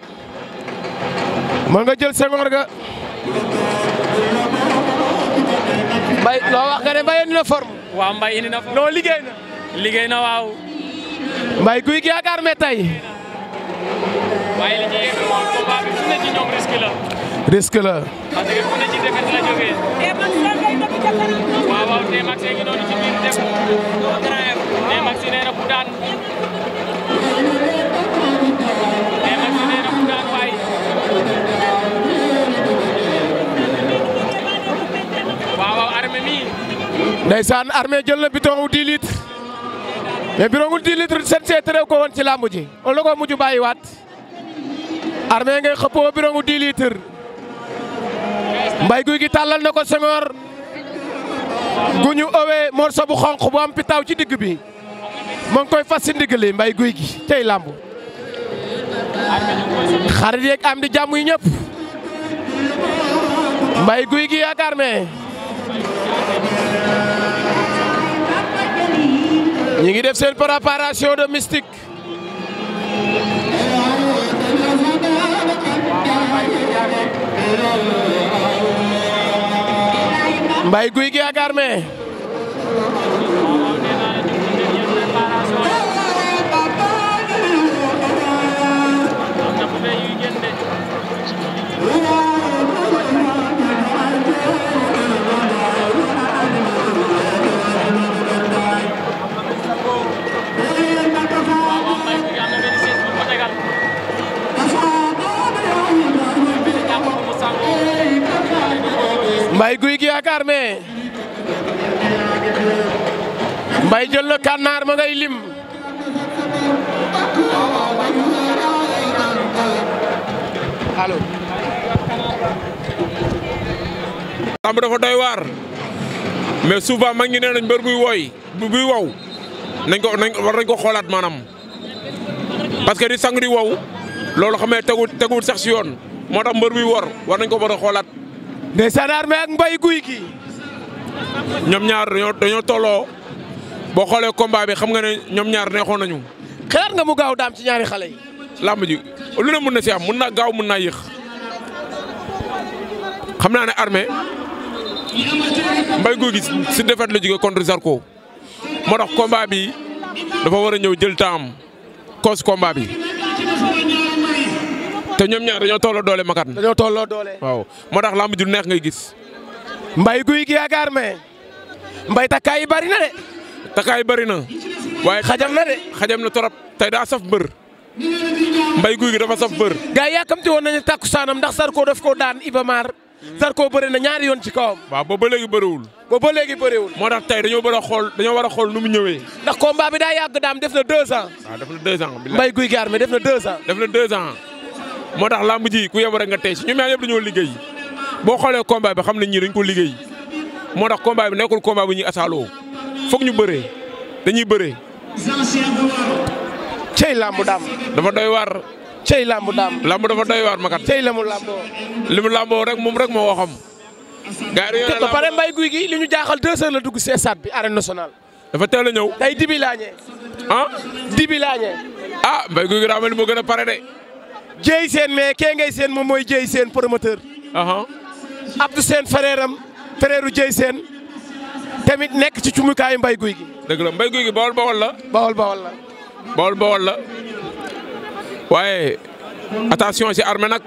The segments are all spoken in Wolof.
ko nga jël sengoor ga mbay loo wax nga ne mbay indi na forme waaw mbay indi na forme non liggéey waaw mbay guy gi yaakaar me tey li ci yegg moom combat bi fu ne ñoom risque la waaw waaw te Max ngi noonu ci biir def te Max nee na ndeysaan armée jël na biton wu 10 litres mais biton wu 10 litres seen see terew ko woon ci làmb ji wala ko mujj bàyyiwaat armée ngay xëppoo biton wu 10 mbay guy gi tàllal na ko sengoor gu ñu owee morso bu xonq bu am pitaaw ci digg bi moo ngi koy fas si ndigg li mbay guy gi tey làmb xarit yeeg am di jàmm yi ñëpp mbay guy gi ak armée ñi ngi def seen préparation de mystique Mbaye Gouy Gui ak Dakar mais Mbaye jël na kànnaar ma ngay lim allo. lamb dafa day waar mais baa mag ñi nee nañ mbër buy wooy buy wow nañ ko nañ war nañ ko xoolaat maanaam parce que di sang di wow loolu xamee ne tegu sax si yoon moo tax mbër buy wor war nañ ko war a xoolaat. ndeysaan armée ak mbay guy gi ñoom ñaar dañoo dañoo tolloo boo xoolee combat bi xam nga ne ñoom ñaar neexoon nañu. xeer nga mu gaaw daam ci ñaari xale yi. làmb ji lu ne mun na si am mun na gaaw mun na yéex xam naa ne armée mbay guy gi si défaite la jógee contre ko moo tax combat bi dafa war a ñëw jël temps kos cause combat bi. te ñoom ñaar dañoo tolloo doole makat na. dañoo tolloo doole. waaw moo tax lamb ju neex ngay gis. mbay guy gi yaakaar me mbay takkaay yi bari na de. takkaay yi bari na. waaye xajam na de xajam na torop tey daa saf bër. mbay guy gi dafa saf bër. gars yi yàkkamti woon nañu takku saanam ndax Sarko daf ko daan Ibamar. Sarko bëri na ñaari yoon ci kawam. waaw boobu ba léegi bëriwul. boobu ba léegi bëriwul. moo tax tey dañoo war a xool dañoo war a xool nu mu ñëwee. ndax combat bi daa yàgg daam def na deux ans. waaw def na deux ans. mbay guy na deux ans. def na deux ans. moo tax làmb ji ku yem rek nga tey si ñoom ñaar yëpp dañoo liggéey boo xoolee combat bi xam nañ ñii dañ ko liggéey moo tax combat bi nekkul combat bu ñu asaaloo foog ñu bëree dañuy bëree. cey làmb daam. dafa doy waar. cey làmb daam. làmb dafa doy waar makat. cey la mu làmboo. li mu làmboo rek moom rek moo waxam. gars yi ba pare mbay guy gi li ñu jaaxal deux heures la dugg ci bi arène national dafa teel a ñëw. day dibi laañee. ah. dibi laañee. ah mbay guy gi daa moo gën a pare de. Dieye seen mais kee ngay seen moom mooy jéy Sène promoteur. Uh-huh. Abdou seen frère am frère u Dieye Sène tamit nekk ci cumukaayu mbay guy gi. dëgg la mbay guy gi bawol bawol la. bawol bawol la. bawol bawol la waaye attention ci armée nag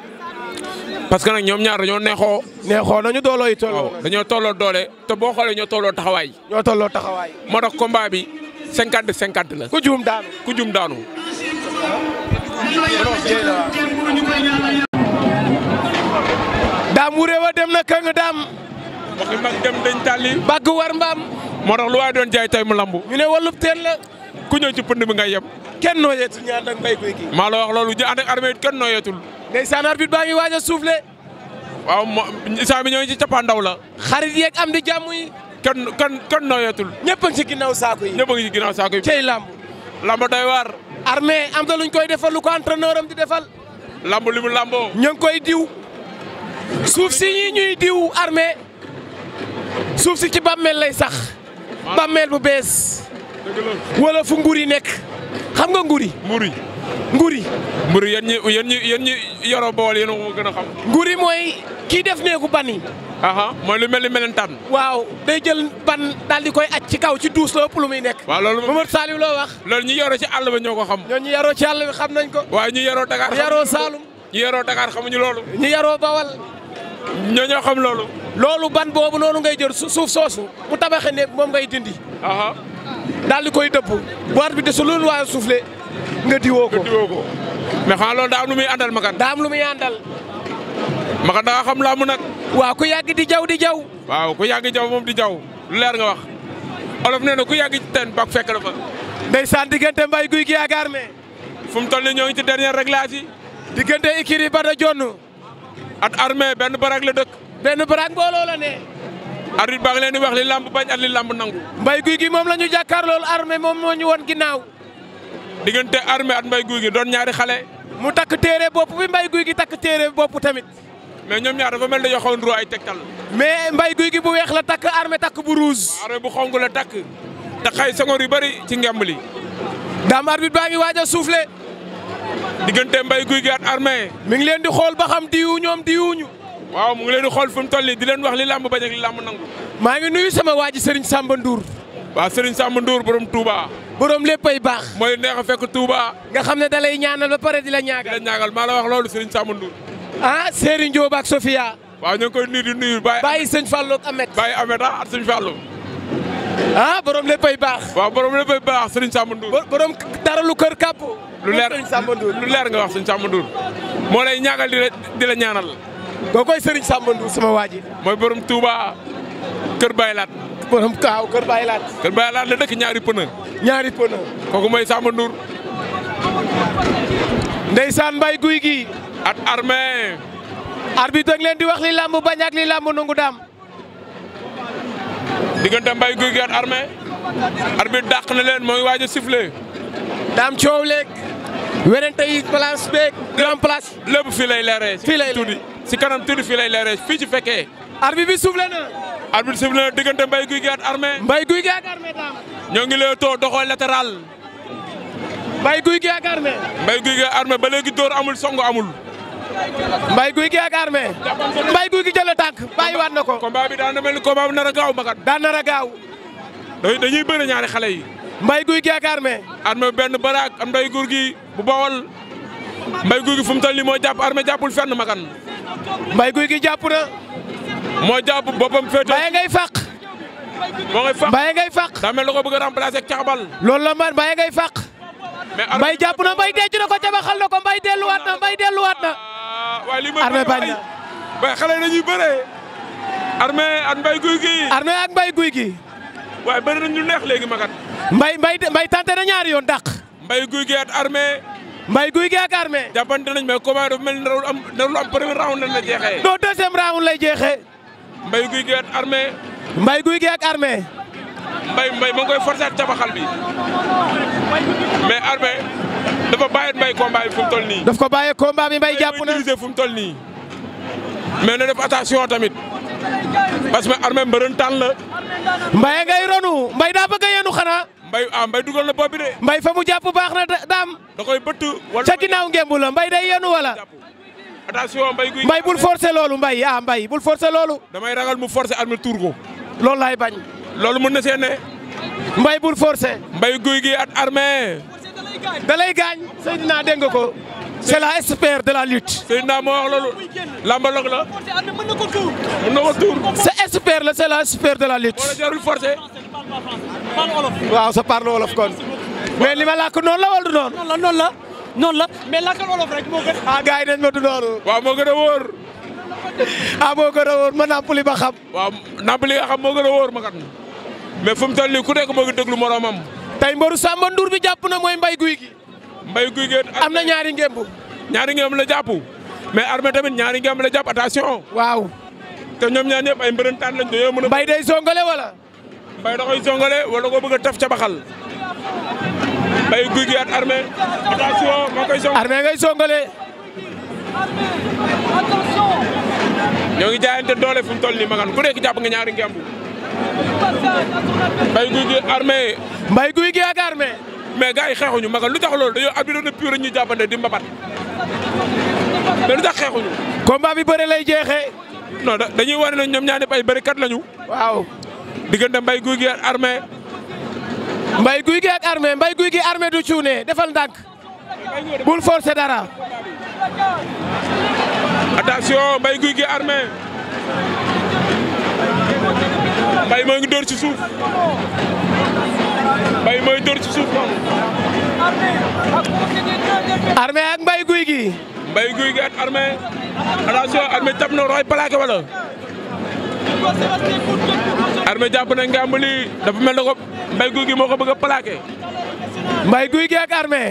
parce que nag ñoom ñaar dañoo neexoo. neexoo nañu dooloo yi tolloo dañoo tolloo doole te boo xoolee ñoo tolloo taxawaay. ñoo tolloo taxawaay. moo tax combat bi cinquante cinquante la. ku juum daanu ku juum daanu. daam wu réew dem na këng daam. waxi mag dem dañ tàlli. bàgg war mbaam. moo tax lu waay doon jaay tey mu lambu. ñu ne wàllub teen la. ku ñëw ci pënd bi ngay yem. kenn nooyeetul ñu ànd ak mbay guy gi. maa la wax loolu ñu ànd ak armée it kenn nooyeetul. ndeysaan baa ngi waaj a soufflé. waaw moom saa bi ñoo ngi ci cappaandaw la. xarit yeeg am di jàmm yi. kenn kenn kenn ñëpp a ngi ci ginnaaw saa yi. ñëpp a ngi ci ginnaaw saako yi. cey lamb. lamb doy waar. armée am na koy defal lu ko entraîneur am di defal. lamb li mu lamboo. ngi koy diw. suuf si ñi ñuy diw armée suuf si ci bàmmeel lay sax bàmmeel bu bees wala fu nguur yi nekk xam nga nguur yi. mburi nguri mburi yan ñi yan ñi yan ñi yoroo bool yéen a gën a xam. nguri mooy kii def neeku ban yi. aha mooy lu mel ni melentaan. waaw dey jël ban daal di koy aj ci kaw ci duus la ëpp lu muy nekk. waa loolu Mamadou Saliou loo wax. loolu ñi yoroo ci àll ba ñoo ko xam. ñoo ñu yaroo ci àll bi xam nañ ko. waaye ñi yaroo Dakar. yaroo Saalum. ñi yaroo Dakar xamuñu loolu. ñi yaroo Bawal. ñoo xam loolu. loolu ban boobu noonu ngay jël suuf soosu mu tabaxe ne moom ngay dindi. daal di koy dëpp bu at bi desul loolu waa suufle nga diwoo ko. nga diwoo ko mais xanaa loolu daa lu muy àndal Makan. daa am lu muy àndal. Makan da nga xam laamu nag. waaw ku yàgg di jaw di jaw. waaw ku yàgg jaw moom di jaw lu leer nga wax. olof nee na ku yàgg ci teen bak fekk la fa. ndeysaan diggante mbay guy gi yaakaar ne. fu mu toll nii ñoo ngi ci dernier réglage yi. diggante Ikiri Bada Jonn. at armee benn baraag la dëkk. benn baraag mbooloo la ne. arbitre baa ngi leen di wax li làmb bañ at li làmb nangu. mbay guy gi moom la ñu jàkkaarlool armée moom moo ñu woon ginnaaw. diggante armée at mbay guy gi doon ñaari xale. mu takk téere bopp bi mbay guy gi takk téere bopp tamit. mais ñoom ñaar dafa mel ne dañoo xaw nduroo ay tegtal. mais mbay guy gi bu weex la takk armée takk bu rouge. armée bu xonk la takk. te xay sangoor yu bari ci ngemb li. daam arbitre baa ngi waaj a soufflé. diggante Mbaye Gouye Gui ak Armé mi ngi leen di xool ba xam diwu ñoom diwuñu waaw mu ngi leen di xool fu mu toll di leen wax li làmb bañ ak li làmb nangu maa ngi nuyu sama waa ji Serigne Samba Ndour waaw Serigne Samba Ndour borom Touba borom léppay baax mooy neex a fekk Touba nga xam ne da lay ñaanal ba pare di la ñaagal di la maa la wax loolu Serigne Samba Ndour ah Serigne Diop ak Sofia waaw ñu ngi koy nuyu di nuyu Baye Sëñ Fallou ak Ahmed Baye Ahmed ah ak Sëñ Fallou ah borom léppay baax. wa borom léppay baax Serigne Samba Ndour. borom dara lu kër kàpp. lu ler lu leer nga wax Serigne Samba Ndour. moo lay ñaagal di la di la ñaanal. koo koy Serigne Samba Ndour sama waa ji. mooy borom Touba Kër Baylaat. borom Kaaw Kër Baylaat. Kër Baylaat la dëkk ñaari pënë. ñaari pënë. kooku mooy Samba Ndour. ndeysaan mbay guy gi. at armée. arbitre bi leen di wax li làmb bañ ak li làmb nangu daam. diggante Mbaye Gouye Gui ak Armé arbitre dàq na leen mooy waaj a sifflé. daam coow léeg werante yi place beeg grand place. lépp fii lay leeree. fii lay leeree si kanam tuuti fii lay leeree fii ci fekkee. arbitre bi sifflé na. arbitre sifflé na diggante Mbaye Gouye Gui ak Armé. Mbaye Gouye Gui ak Armé ñoo ngi lay too doxoo latéral. Mbaye Gouye Gui ak Armé. Mbaye Gouye Gui ak Armé ba léegi dóor amul songo amul. Mbaye Gouy Gui ak Armé Mbaye Gouy Gui jël tànk bàyyiwaat na ko. combat bi daan ko mel ni combat bu nar a gaaw Maguette. daan nar a gaaw. dañuy bëri ñaari xale yi. Mbaye Gouy Gui ak Armé. Armé benn baraak am Mbaye Gouy Gui bu bawol Mbaye Gouy Gui fu mu toll moo jàpp Armé jàppul fenn Maguette. Mbaye Gouy Gui jàpp na. moo jàpp boppam féetoo. Mbaye ngay fàq. moo ngay fàq Mbaye ngay fàq. daa mel ni ko bëgg a remplacer caxabal. la man Mbaye ngay fàq. mais Mbaye jàpp na ko ca ba xal na ko waaye li may bañ ba xale yi dañuy bëree. armé ak mbay guy gi. armé ak mbay guy gi. waaye bëri nañ lu neex léegi ma mbay mbay mbay tante na ñaari yoon dàq. mbay guy gi ak armé. mbay guy gi ak armé. jàppante nañ mais combat dafa mel ni narul am narul am premier round lañ la jeexee. non deuxième round lay jeexee. mbay guy gi ak armé. mbay guy gi ak armé. mbay mbay ma ngi koy forcer cabaxal bi mais armé. dafa bàyyi mbay combat bi fu mu toll ko bàyyee combat bi mbay jàpp na mbay fu mu toll na def attention tamit parce que armée mbërëntaan la. mbay ngay ronu mbay daa bëgg a xanaa. mbay ah mbay dugal na bopp bi mbay fa mu jàpp baax na daam. da koy bëtt wala ca ginnaaw ngembu la mbay day yenu wala. attention mbay guy mbay bul forcer loolu mbay ah mbay bul forcer loolu. damay ragal mu forcer armée tuur ko. loolu laay bañ. loolu mën na see ne. mbay bul forcer. mbay guy gi at armée. da lay gaañ Seydina dégg nga ko c'est la expert de la lutte. Seydina moo wax loolu lambaloog la. mën na ko tuur. mën na la c'est la expert de la lutte. waaw sa parle wolof kon. mais li ma làkk noonu la wala du noonu. noonu la noonu ah, ma du noonu. waaw moo gën a wóor. ah moo gën a wóor ma nampali ba xam. waaw nampali nga xam moo gën a wóor ma kat mais fu mu toll ku nekk moo ngi déglu moromam. tey mbaru Samba Ndour bi jàpp na mooy mbay guy gi. mbay guy gi am na ñaari ngemb. ñaari ngemb la jàpp mais armée tamit ñaari ngemb la jàpp attention. waaw. te ñoom ñaar ñëpp ay mbërëntaan lañ doyoo mën a. mbay day songale wala. mbay da koy songale wala ko bëgg a taf ca baxal. mbay guy gi at armée attention moo koy songale. armée ngay songale. ñoo ngi jaayante doole fu mu toll nii ma kan ku nekk jàpp nga ñaari ngemb. Mbaye Gouye Gui armé. Mbaye Gouye Gui ak armé. mais gars yi xeexuñu ma lu tax loolu dañoo abdoulaye na pure ñuy jàppante di mbabat mais lu tax xeexuñu. combat bi bëre lay jeexee. non dañuy wane ne ñoom ñaar ñëpp ay bërekat lañu. waaw diggante Mbaye Gouye Gui ak mbay Mbaye Gouye Gui ak armé Mbaye Gouye Gui armé du cuune defal ndànk. bul forcer dara. attention Mbaye Gouye Gui armé. mbay moo ngi dóor ci suuf mooy dóor ci suuf. Armé ak Mbaye Gouy Gui. Mbaye Gouy ak Armé attention Armé tap na wala. Armé jàpp na nga am lii dafa mel ne ko Mbaye Gouy Gui moo ko bëgg a plaqué. Mbaye Gouy ak Armé.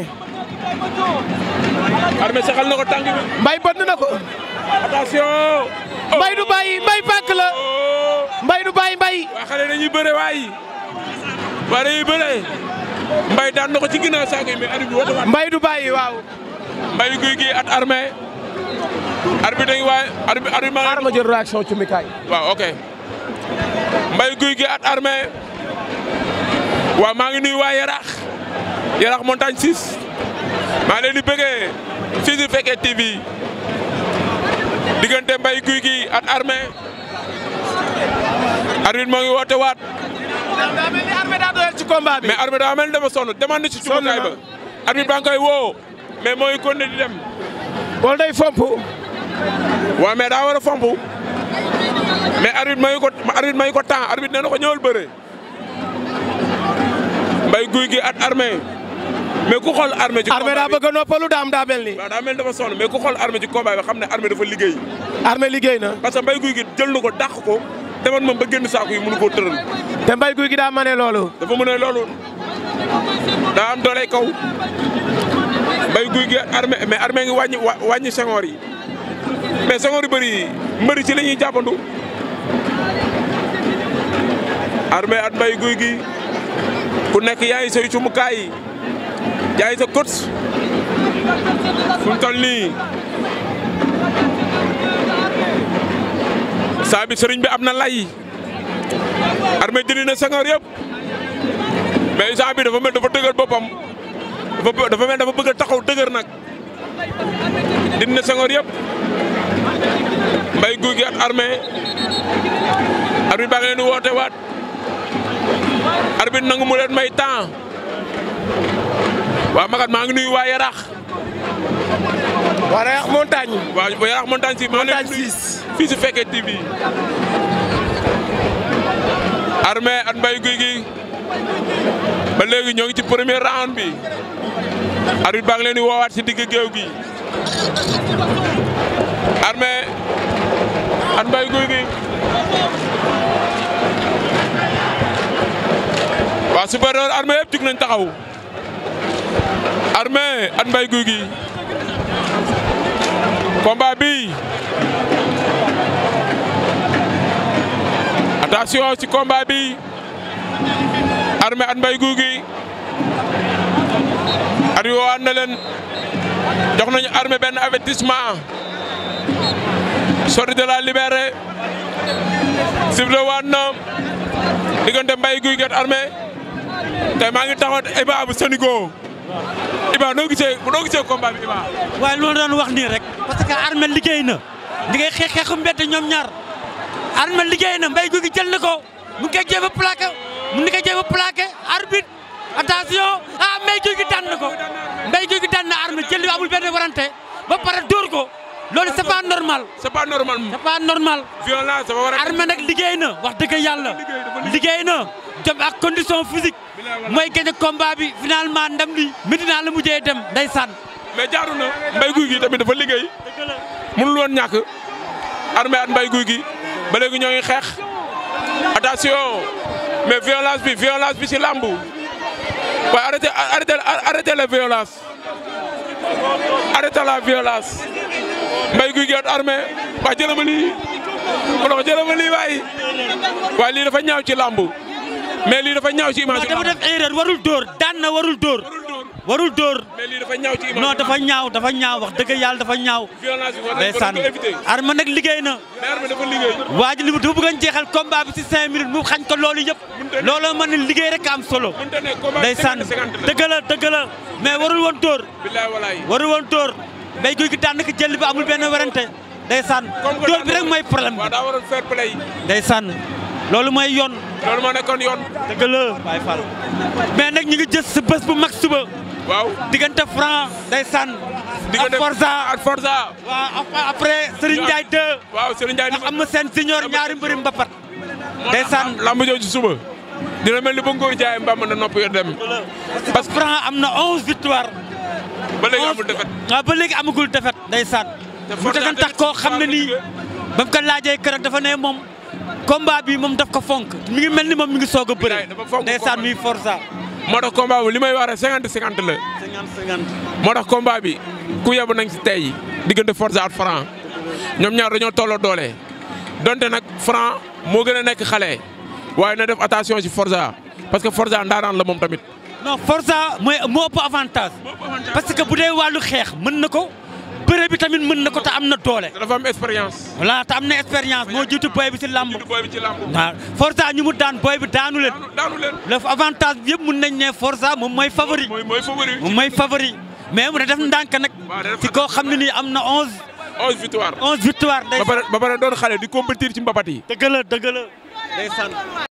Armé saxal na ko tànk bi. Mbaye bënn na ko. attention. du bàyyi Mbaye pàkk la. Oh. du bàyyi mbay. waa xale dañuy bëre waayi. waa dañuy mbay daan na ko ci ginnaaw saako yi mais arbitre bi woote mbay du bàyyi waaw. mbay guy gi at armé. arbitre dañuy waay arbitre arbitre maa. xaaral ma jël réaction ci mikaay. waaw ok. mbay guy gi at maa ngi nuy waa Yarax. Yarax montagne 6. maa leen di bëggee fii si Fekke TV diggante mbay guy gi at armé. arbitre moo ngi daa mel ci combat bi. mais arbitre daa mel ni dama sonn demoon na ci. sonn na ba arbitre baa ngi koy woo. di dem. wala day fomp. waaw mais daa war a fomp. mais arbitre mayu ko arbitre mayu ko temps arbitre nee na ko ñëwal mbay guy gi at armée ku xool armée ci armée a noppalu daam xam ne armée dafa liggéey armée liggéey na parce que mbay guy gi jël na ko dak ko demoon moom ba génn saako yi mënu koo tëral. te guy gi daa mane loolu. dafa mën loolu daa am kaw mbay guy gi armé mais armé ngi wàññi wàññi sengoor yi mais sengoor yu bëri ci la ñuy jàppandu armé at guy gi ku nekk yaay ngi say cumukaay yi yaa ngi sa kot saa bi sëriñ bi am na lay armée jëli na sangoor yëpp mais saa bi dafa mel dafa dëgër boppam dafa dafa mel dafa bëgg a taxaw dëgër nag dindi na sangoor yëpp mbay guy gi at armée baa ngi leen woote waat arbitre nangu mu leen may temps waaw magat maa ngi nuy waa Yaraax. waa Yaraax montagne. waa Yaraax montagne si maa leen fii si Fekke TV Armé ak Mbaye Gouy Gui ba léegi ñoo ngi ci premier round bi arbitre baa ngi woowaat si digg géew gi Armé ak Mbaye Gouy Gui waa supérieur Armé yëpp jug nañ taxaw Armé ak Mbaye Gouy Gui combat bi attention ci combat bi Armé at Mbaye Gouy na leen jox nañu Armé benn avertissement sortie de la Libéré na diggante Mbaye Gouy Gui Armé te maa ngi taxaw Iba noo gisee noo gisee combat rek parce que Armel liggéey na di ngay xeex xeexu mbedd ñoom ñaar Armel liggéey na mbay googi jël na ko mu ngi koy jéem a plaqué mu ngi koy jéem a plaqué arbitre attention ah mbay googi dànn ko mbay googi dànn Armel jël bi amul benn warante ba pare dóor ko loolu c'est pas normal. c'est pas normal c'est pas normal. violence dafa war a. Armel nag na wax dëgg yàlla liggéey na jom ak condition physique. mooy gagné combat bi finalement ndam li Medina la mujjee dem ndeysaan. mais jaaru na mbay guy gi tamit dafa liggéey mënul woon ñàkk armée guy gi ba léegi ñoo ngi xeex attention bi violence bi ci làmb waaye arrêté arrêté arrêté la violence arrêté la violence guy gi at armée waa jëlama lii ko dox jëlama lii waay waaye ñaaw ci làmb mais lii dafa ñaaw ci image. waaw dafa def erreur warul dóor daan na warul dóor. warul dóor mais lii dafa ñaaw ci dafa ñaaw dafa ñaaw wax dëgg yàlla dafa ñaaw. violence bi ndeysaan Arma nag liggéey na. mais Arma dafa liggéey. jeexal combat bi ci 5 minutes mu xañ ko loolu yëpp. looloo mën na liggéey rek am solo. ndeysaan dëgg la dëgg la mais warul woon dóor. bilaay walaay warul woon dóor. mbéy guy gi daan na ko jël bi amul benn werante. ndeysaan dóor bi rek mooy problème bi. waaw daa waroon fair play. ndeysaan loolu mooy yoon loolu moo nekkoon yoon. dëgg la mais nag ñu ngi jës sa bés bu mag suba. waaw diggante Franc day sànn. diggante ak Forza ak Forza. waaw après Serigne Ndiaye 2. waaw Serigne Ndiaye ndax am na seen senior ñaari mbëri mbapat. day sànn lamb jooju suba. dina mel ni ba Ngoy Ndiaye mbàmm na nopp yor dem. parce que Franc am na 11 victoire. ba léegi amul defet waaw ba léegi amagul defet day sànn. te Forza mu tax koo xam ne nii ba mu ko laajee keroog dafa ne moom. combat bi moom daf ko fonk mi ngi mel ni moom mi ngi soog a bëre. ndeysaan mi forsa moo tax combat bi li may wax rek cinquante cinquante la. cinquante cinquante. moo tax combat bi ku yebu nañ si tey diggante forsa at franc ñoom ñaar dañoo tolloo doole donte nag franc moo gën a nekk xale waaye na def attention si forsa parce que forsa ndaanaan la moom tamit. non forsa mooy ëpp avantage. parce que bu dee wàllu xeex mën na ko. booy bi tamit mën na ko te am na doole. dafa am expérience. voilà te am na expérience moo jiitu booy bi ci làmb. jiitu booy daan booy bi daanu leen. daanu avantage bi yëpp mën nañ ne Forza mooy favori. mooy mooy favori moom mooy favori. mais mu ne def ndànk nag. ci koo xam ne am na 11. 11 victoire 11 victoire. ba pare ba pare doon xale di compétir ci mbapat la dëgg